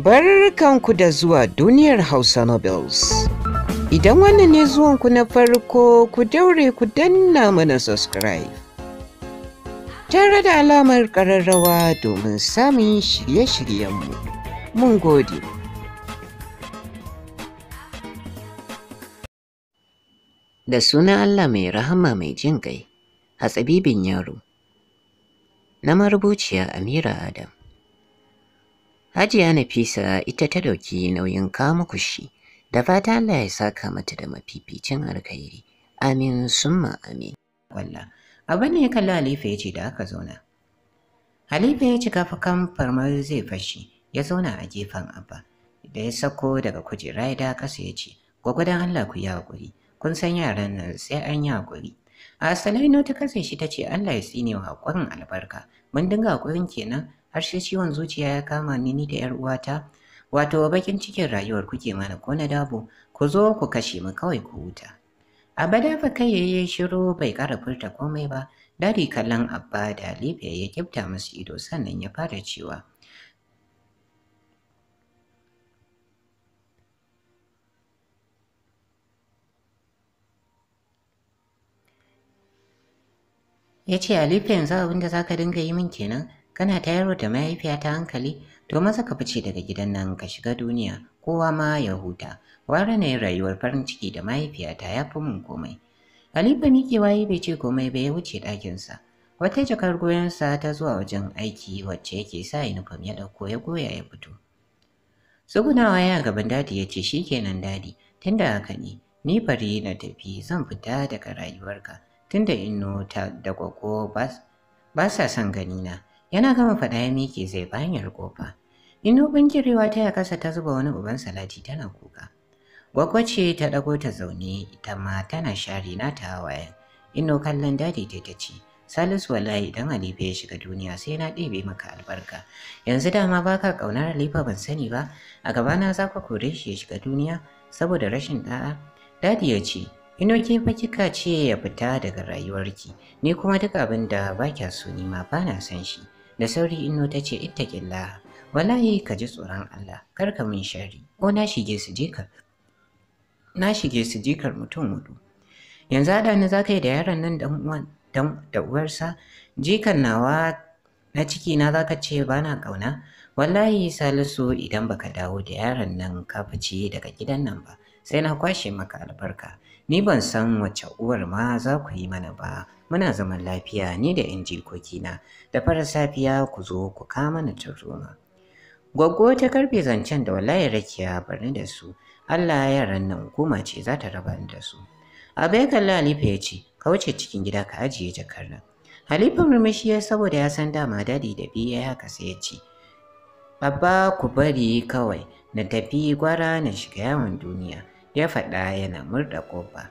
Barkanku da zuwa duniyar Hausa Nobels Idan wannan ne zuwanku na farko ku daure ku danna mana subscribe. Tare da alamar ƙararrawa domin samun shirye-shiryenmu. Mun gode. Da sunan Allah mai rahama mai jin kai, tsabibin yaro, na marubuciya Amira Adam. Hajiya Nafisa ita ta dauki nauyin kama kushi. Da fata Allah ya saka mata da mafificin alkhairi. Amin summa amin. Wallah. Abin ne kalli Halifa ya ce da aka zauna. Halifa ya cika fakan farmar zai fashi ya zauna a gefen Abba. Da ya sako daga kujera ya da kasa ya ce, Gwagwadon Allah ku yi haƙuri, kun san yaran nan sai an yi haƙuri. A asalai ta kasa shi ta ce Allah ya tsine wa haƙurin albarka, mun dinga haƙurin kenan har shi ciwon zuciya ya kama ni ni da yar uwata wato bakin cikin rayuwar kuke mana ko na dabo ku zo ku kashe mu kawai ku huta abada fa kai yayi shiru bai kara furta komai ba Dari kallon abba da alifiya ya kifta musu ido sannan ya fara cewa ya ce alifiya yanzu abinda za ka dinga yi min kenan kana tayarwa da mahaifiya ta hankali to maza ka fice daga gidan nan ka shiga duniya kowa ma ya huta ware ne rayuwar farin ciki da mahaifiyata ya fi mun komai Alifa miƙewa bai ce komai ba ya wuce ɗakinsa wata jakar sa ta zuwa wajen aiki wacce yake sa inifom ya ɗauko ya goya ya fito Sugunawa ya gaban dadi ya ce shikenan dadi tunda haka ne ni bari na tafi zan fita daga rayuwarka tunda inno ta da gwaggo ba sa son ganina Yana gama faɗa ya miƙe zai bayan ya kofa. Ino kirewa ta ya kasa ta zuba wani uban salati tana kuka. ce ta ɗago ta zaune ita ma tana share na ta waya. Ino kallon dadi ta ta ce, Salisu wallahi idan alifa ya shiga duniya sai na ɗebe maka albarka. Yanzu dama baka ƙaunar Halifa ban sani ba, a gabana za ka kore shi ya shiga duniya saboda rashin ɗa'a. Dadi ya ce, Ino ke fa kika ce ya fita daga rayuwarki, ni kuma duk abin da ba kya so ni ma ba na san shi. da sauri inno ta ce itta ƙilla wallahi ka ji tsoron Allah kar ka min shari ko na shige su jikar na shige su jikar mutum hudu yanzu haɗa ni za ka da yaron nan da uwan da uwarsa jikan nawa na ciki na zaka ce bana na ƙauna wallahi salisu idan baka dawo da yaron nan ka fice daga gidan nan ba sai na kwashe maka albarka ni ban san wace uwar ma za ku yi mana ba muna zaman lafiya ni da ‘yan jikokina, da fara safiya ku zo ku kama mana tarzoma. Goggo ta karfe zancen da wallahi rakiya barni da su, Allah yaran nan hukuma ce za ta raba da su. Abai kalla Halifa ya ce, ka wuce cikin gida ka ajiye jakar nan. Halifa murmushi ya saboda ya san dama dadi da biyu ya haka sai ya ce, Abba ku bari kawai na tafi gwara na shiga yawon duniya, ya faɗa yana murɗa ƙofa.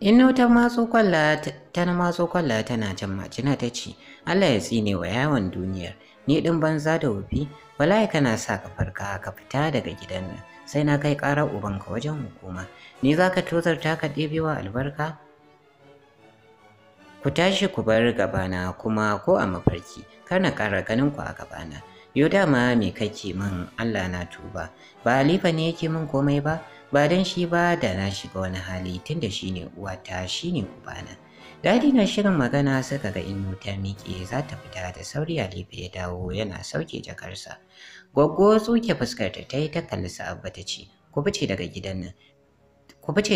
Inno ta matso kwalla ta na matso kwalla tana can macina ta ce Allah ya tsine wa yawon duniyar ni din banza da wufi wallahi kana sa ka farka ka fita daga gidan nan sai na kai ƙarar ubanka wajen hukuma ni zaka ka tozarta ka wa albarka ku tashi ku bar gabana kuma ko a mafarki kar na ƙara ganin ku a gabana yo dama me kake min Allah na tuba ba halifa ne yake min komai ba ba don shi ba da na shiga wani hali tunda shine uwata shine ubana dadi na shirin magana suka ga inu ta miƙe za ta fita da sauri lefe ya dawo yana sauke jakarsa gwaggo tsuke fuskar ta yi ta kalli sa'abba ta ce ku fice daga gidan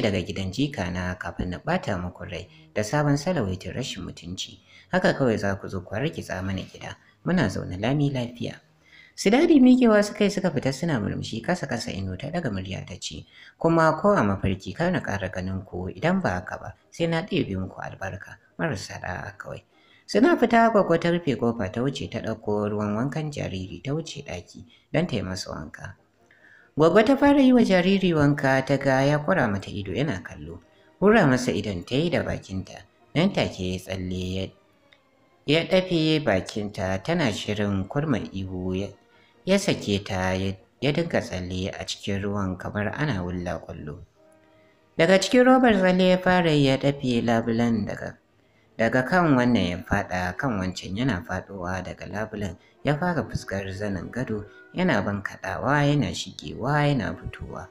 daga gidan jika na kafin na ɓata muku da sabon salawaitin rashin mutunci haka kawai za ku zo ku rikitsa mana gida muna zaune lami lafiya su dadi miƙewa suka kai suka fita suna murmushi kasa kasa ino ta daga murya ta ce kuma ko a mafarki kar na ƙara ganin ku idan ba haka ba sai na ɗebe muku albarka marasa ɗa'a kawai suna fita gwaggo ta rufe kofa ta wuce ta ɗauko ruwan wankan jariri ta wuce ɗaki don ta yi masa wanka gwaggo ta fara yi wa jariri wanka ta ga ya kura mata ido yana kallo hura masa idon ta yi da bakinta nan take ya tsalle ya ɗafe bakinta tana shirin kurma ihu ya sake ta ya dinga tsalle a cikin ruwan kamar ana wulla ƙwallo. Daga cikin robar tsalle ya fara ya dafe labulen daga daga kan wannan ya faɗa kan wancan yana faɗowa, daga labulen ya fara fuskar zanin gado yana ban bankaɗawa yana shigewa yana fitowa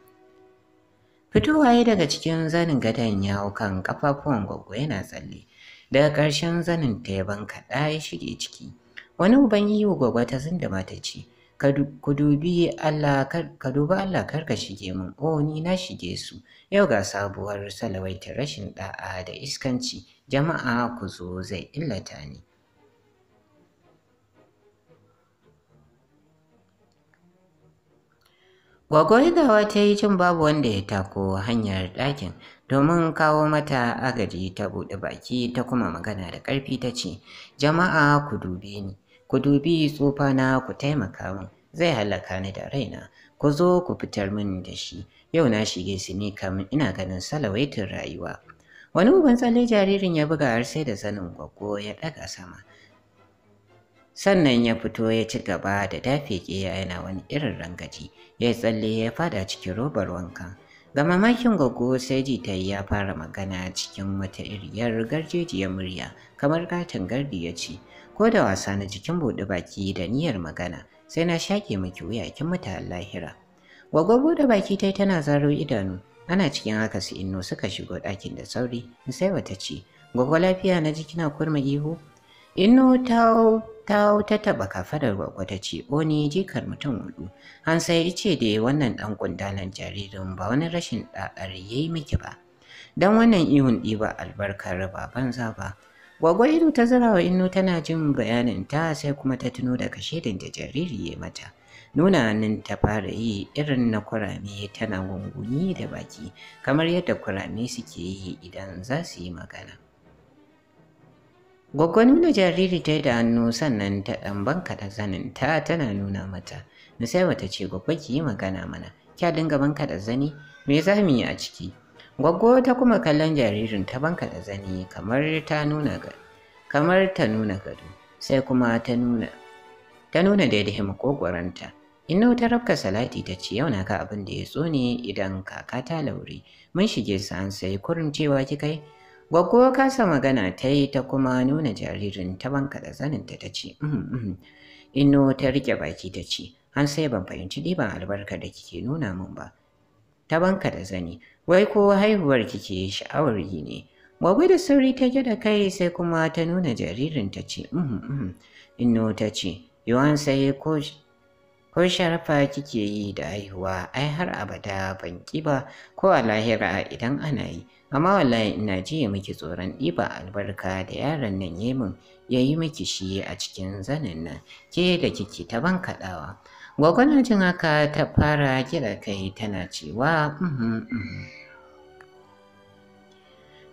fitowa ya daga cikin zanin gadon ya hau kan ƙafafuwan gwaggo yana tsalle daga ƙarshen zanin ta ya ban bankaɗa ya shige ciki wani uban yi wa gwaggo ta zindama ta ce ka dubi Allah ka dubi Allah kar ka shige mun oh ni na shige su yau ga sabuwar salawaita rashin da'a da iskanci jama'a ku zo zai illata ni da ta yi cin babu wanda ya tako hanyar ɗakin domin kawo mata agaji ta buɗe baki ta kuma magana da ƙarfi ta ce, Jama'a ku dube ni, ku dubi tsufa na ku taimaka min zai halaka ni da raina ku zo ku fitar min da shi yau na shige su ne kamin ina ganin salawaitin rayuwa wani uban tsalle jaririn ya buga har sai da sanin gwaggo ya daga sama sannan ya fito ya ci gaba da dafe keya yana wani irin rangaji ya tsalle ya fada cikin robar wanka. ga mamakin gwaggo sai ji ta ya fara magana cikin wata iriyar garjejiyar murya kamar katin gardi ya ce ko da wasa na jikin buɗe baki da niyyar magana sai na shaƙe miki wuya kin muta lahira gwagwa buɗe baki tai tana zaro idanu ana cikin haka su inno suka shigo ɗakin da sauri sai wata ce gwagwa lafiya na ji kina kurma ihu inno ta ta ta taɓa kafadar gwagwa ta ce o ni jikar mutum hudu an sai ice da wannan dan kundalan jaririn ba wani rashin ɗa'ar yayi miki ba dan wannan ihun ɗiba albarkar ba za ba Gwagwa ido ta zira wa inno tana jin bayanin ta sai kuma ta tuno da kashe da jariri ya mata. Nuna hannun ta fara yi irin na kurame tana gunguni da baki kamar yadda kurame suke yi idan za su yi magana. Gwagwa nuna jariri ta yi da hannu sannan ta ɗan banka da zanin ta tana nuna mata. Nusaiwa ta ce gwagwa ki yi magana mana, kya dinga banka da zani, me za mu yi a ciki? Gwaggo ta kuma kallon jaririn ta banka da zani kamar ta nuna gado. Kamar ta nuna gado, sai kuma ta nuna ta nuna daidai makogwaranta. Inna ta rabka salati ta ce yau na ka abin da ya tsone idan kaka ta lauri. Mun shige an sai kurin cewa ki kai. Gwaggo kasa magana ta yi ta kuma nuna jaririn ta banka da zaninta ta ce, uhm, uhm. Inno ta rike baki ta ce, an sai ban fahimci ɗiban albarka da kike nuna min ba. Ta banka da zani, wai ko haihuwar kike sha'awar yi ne gwagwai da sauri ta da kai sai kuma ta nuna jaririn ta ce uhm, uhm, inno ta ce yawan sai ko ko sharafa kike yi da haihuwa ai har abada ban ki ba ko a lahira idan ana yi amma wallahi ina ya miki tsoron ɗiba albarka da yaron nan yemin ya yi miki shi a cikin zanin nan ke da kike ta bankaɗawa Gwagwana jin haka ta fara kira kai tana cewa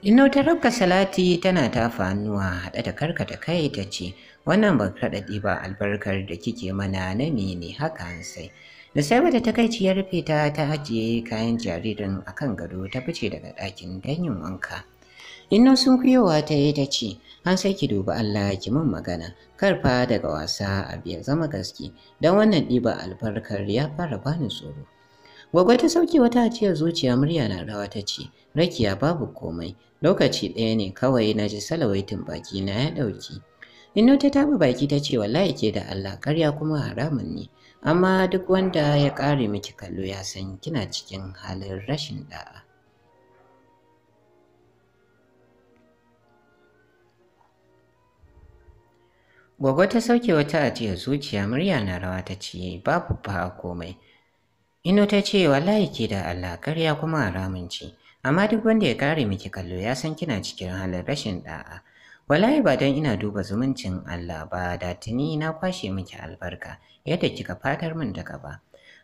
Ino ta rabka salati tana tafa fanuwa haɗe da karkata kai ta ce, Wannan ba kaɗaɗi ba albarkar da kike mana na ne haka sai. Da sai wata ta kai ya ta ta ajiye kayan jaririn akan gado ta fice daga ɗakin danyin wanka. Ino sun kuyowa ta yi ta ce, An sai ki dubi Allah ki min magana karfa daga wasa a biya zama gaske don wannan ɗiba albarkar ya fara bani tsoro gogo ta sauke wata ajiyar zuciya murya na rawa ta ce, Rakiya babu komai, lokaci ɗaya ne kawai na ji salawaitin baki na ya ɗauki. Inno ta taɓa baki ta ce wallahi ke da Allah karya kuma haramun ne, amma duk wanda ya ƙare miki kallo ya san kina cikin halin rashin ɗa'a. Gogo ta sauke wata ajiyar zuciya murya na rawa ta ce babu fa komai. Ino ta ce wallahi ke da Allah karya kuma a ramunci. Amma duk wanda ya kare miki kallo ya san kina cikin halin rashin da'a. Wallahi ba don ina duba zumuncin Allah ba da tuni na kwashe miki albarka yadda kika fatar min daga ba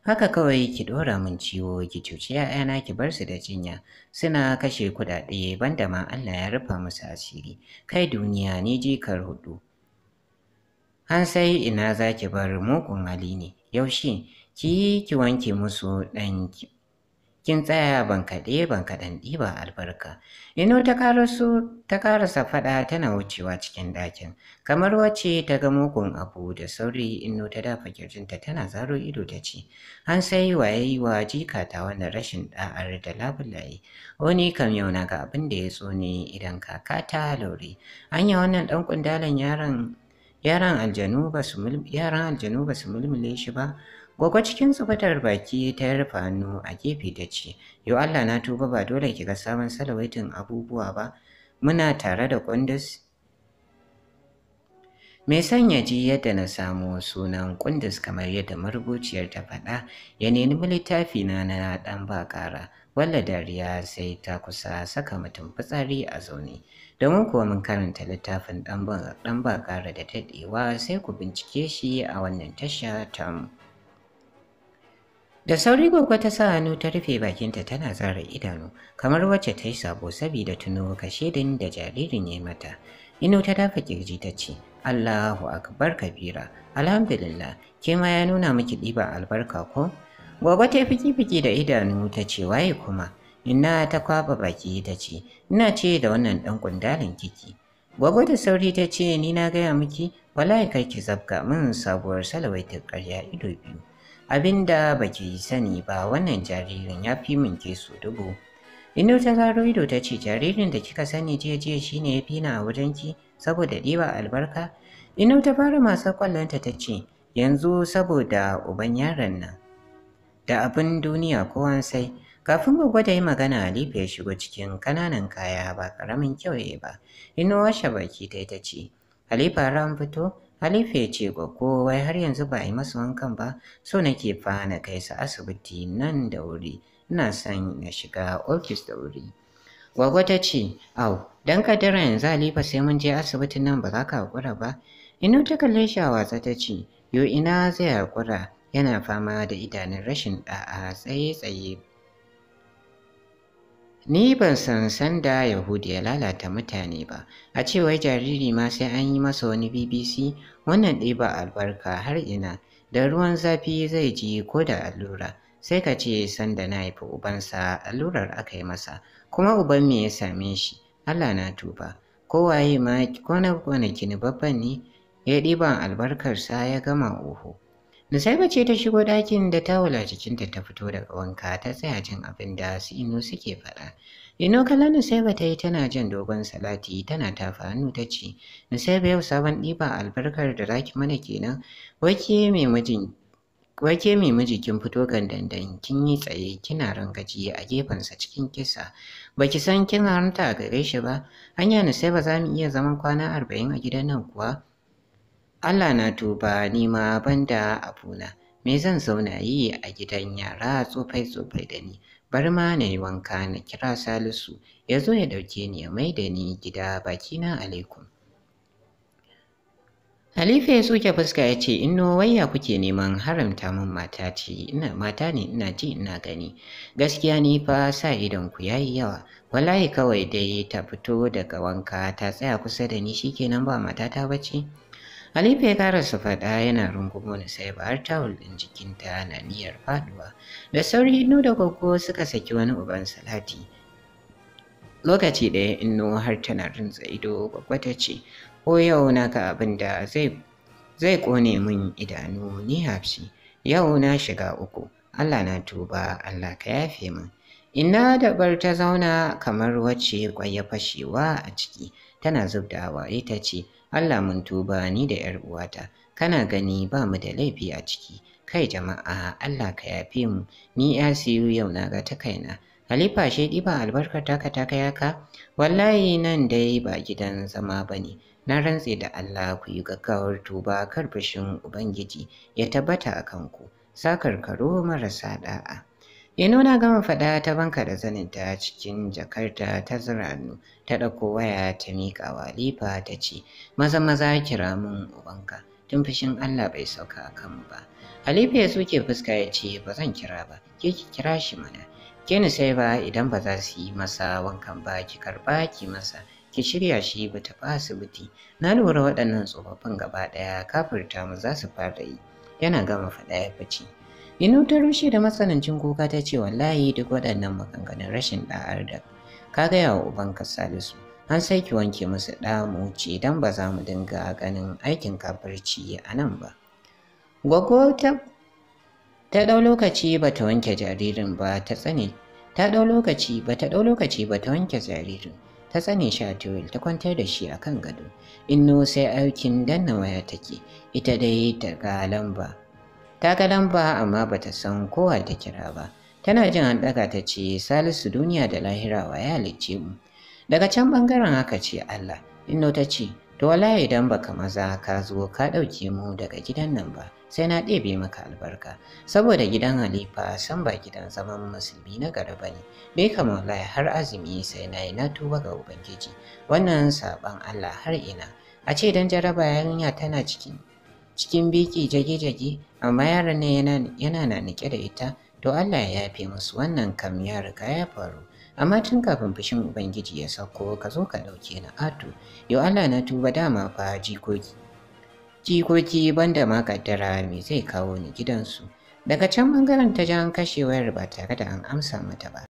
Haka kawai ki dora min ciwo ki cuci ‘ya'yana ki bar su da jinya suna kashe kudade, banda ma Allah ya rufa musu asiri. Kai duniya ni jikar hudu. An sai ina za ki bar mugun hali ne yaushe ki yi ki wanke musu ɗanki kin tsaya ban kaɗe ban kaɗan ɗiba albarka ino ta karasu karasa faɗa tana wucewa cikin ɗakin kamar wacce ta ga mugun abu da sauri ino ta dafa kirjinta tana zaro ido ta ce an sai waye wa jikata ta wannan rashin ɗa'ar da labulaye wani kam yau na ga abin da ya tsone idan kaka ta laure anya wannan ɗan kundalan yaron yaran aljanu ba su mulmule shi ba Gwagwa cikin tsubatar baki ta rufa hannu a gefe ta ce, Yo Allah na tuba ba dole ki ga sabon salawaitin abubuwa ba, muna tare da kundus. Mai sanya ji yadda na samo sunan kundus kamar yadda marubuciyar ta faɗa, ya nemi littafi na na ɗan ba ƙara, wanda dariya sai ta kusa saka mutum fitsari a zaune. Domin kuwa mun karanta littafin ɗan ba ƙara da daɗewa sai ku bincike shi a wannan tasha mu. Da sauri gogo ta sa hannu ta rufe bakinta tana tsara idanu kamar wacce ta yi sabo saboda tuno kashe din da jaririn ya mata. Ino ta dafa kirji ta ce, Allahu akbar kabira, alhamdulillah, ke ma ya nuna miki ɗiba albarka ko? Gobe ta fiki-fiki da idanu ta ce waye kuma, ina ta kwaba baki ta ce, ina ce da wannan ɗan kundalin kiki. Gwagwa da sauri ta ce ni na gaya miki wallahi kar ki zabga min sabuwar salawaitar karya ido biyu. Abinda baki sani ba wannan jaririn ya fi min kesu dubu. Ino ta gano ido ta ce jaririn da kika sani jiya jiya shine ya fi a wajen ki saboda ɗiba albarka. Ino ta fara masa kwallonta ta ce yanzu saboda uban yaron nan. da abin duniya ko sai kafin gwaggo ta yi magana alifu ya shigo cikin kananan kaya ba karamin kyauye ba ino washe baki ta ta ce halifa ran fito halifa ya ce gwaggo wai har yanzu ba yi masu wankan ba so nake fa na kai su asibiti nan da wuri ina son na shiga ofis da wuri gwaggo ta ce au dan kadara yanzu halifa sai mun je asibitin nan ba za ka hakura ba ino ta kalle shi a ta ce yo ina zai hakura yana fama da idanun rashin ɗa'a tsaye-tsaye Ni ban san sanda Yahudi ya lalata mutane ba, a cewar jariri ma sai an yi masa wani BBC wannan ɗiba albarka har ina, da ruwan zafi zai ji ko da allura, sai ka ce sanda na haifi ubansa allurar aka yi masa, kuma uban me ya same shi, Allah na tuba. Kowaye ma ko na babban ne, ya ɗiban albarkarsa ya gama uhu. Nusaiba ce ta shigo ɗakin da tawula jikinta ta fito daga wanka ta tsaya jin abin da su ino suke faɗa. Ino kallon Nusaiba ta yi tana jin dogon salati tana tafa hannu ta ce, Nusaiba yau sabon ɗiba albarkar da raki mana kenan, wake mai mijin miji kin fito dandan? kin yi tsaye kina ran rangaji a gefensa cikin kisa Ba ki san kina ranta a gare shi ba hanya ne za mu iya zaman kwana arba'in a gidan nan kuwa Allah na tuba ni ma banda abuna me zan zauna yi a gidan yara tsofai-tsofai da ni Bar ma na yi wanka na kira salisu ya zo ya ɗauke ni ya mai da ni gida bakina alaikum Halifa ya soke fuska ya ce inno wayya kuke neman haramta min mata ce ina mata ne ina ji ina gani gaskiya ni fa sa idon ku yayi yawa wallahi kawai dai ta fito daga wanka ta tsaya kusa da ni shikenan ba matata bace Halifa ya su faɗa yana rungumo na sai ba har tawul ɗin jikinta na niyyar faɗuwa. Da sauri Innu da Gwaggo suka saki wani uban salati. Lokaci ɗaya Innu har tana rinza ido Gogo ta ce, ko yau na ka abin da zai zai ƙone min idanu ni hafsi. Yau na shiga uku, Allah na tuba, Allah ka yafe min. Ina da bar ta zauna kamar wacce kwaya fashewa a ciki, tana zub da ta ce, Allah mun tuba ni da 'yar uwata kana gani ba mu da laifi a ciki kai jama'a Allah ka yafe mu ni 'ya siyo yau na ga ta kaina Halifa she albarkar taka taka yaka wallahi nan dai ba gidan zama bane na rantse da Allah ku yi gaggawar tuba kar ubangiji ya tabbata a kanku sakar karo marasa ɗa'a. Ino na gama faɗa ta banka da zaninta cikin jakarta ta zirannu ta ɗauko waya ta miƙa wa Lifa ta ce, Maza maza kira mun ubanka, tun fushin Allah bai sauka kan kanmu ba. Alifa ya soke fuska ya ce, Ba zan kira ba, ke ki kira shi mana. Ke ni sai ba idan ba za su yi masa wankan ba ki karɓa ki masa. ki shirya shi ba ta asibiti na lura waɗannan tsofaffin gaba ɗaya kafirta mu za su fara yi yana gama faɗa ya fice Inu ta rushe da matsanancin kuka ta ce wallahi duk waɗannan maganganun rashin ɗa'ar da ka gaya wa ubanka Salisu. An sai ki wanke musu ɗa mu ce don ba za mu dinga ganin aikin kafirci a nan ba. Gwaggo ta ta ɗau lokaci ba ta wanke jaririn ba ta tsane ta ɗau lokaci ba ta ɗau lokaci ba ta wanke jaririn ta tsane shi a ta kwantar da shi a kan gado inno sai aikin danna waya take ita dai ta ga lamba ta ga lamba amma bata san kowa ta kira ba tana jin an ɗaga ta ce salisu duniya da lahira wa ya halicce mu daga can bangaren haka ce allah inno ta ce to wallahi idan baka maza ka zo ka ɗauke mu daga gidan nan ba sai na ɗebe maka albarka saboda gidan halifa san ba gidan zaman musulmi na gari ba ne bai kama wallahi har azumi sai na yi na tuba ga ubangiji wannan saɓan allah har ina a ce don jaraba yarinya tana cikin cikin biki jage-jage amma yaran ne yana na nike da ita to Allah ya yafe musu wannan kam ya riga ya faru amma tun kafin fushin ubangiji ya sauko ka zo ka ɗauke na ato yau Allah na tuba dama fa jikoki jikoki banda ma kaddara me zai kawo ni gidansu daga can bangaren ta jan kashewar ba tare da an amsa mata ba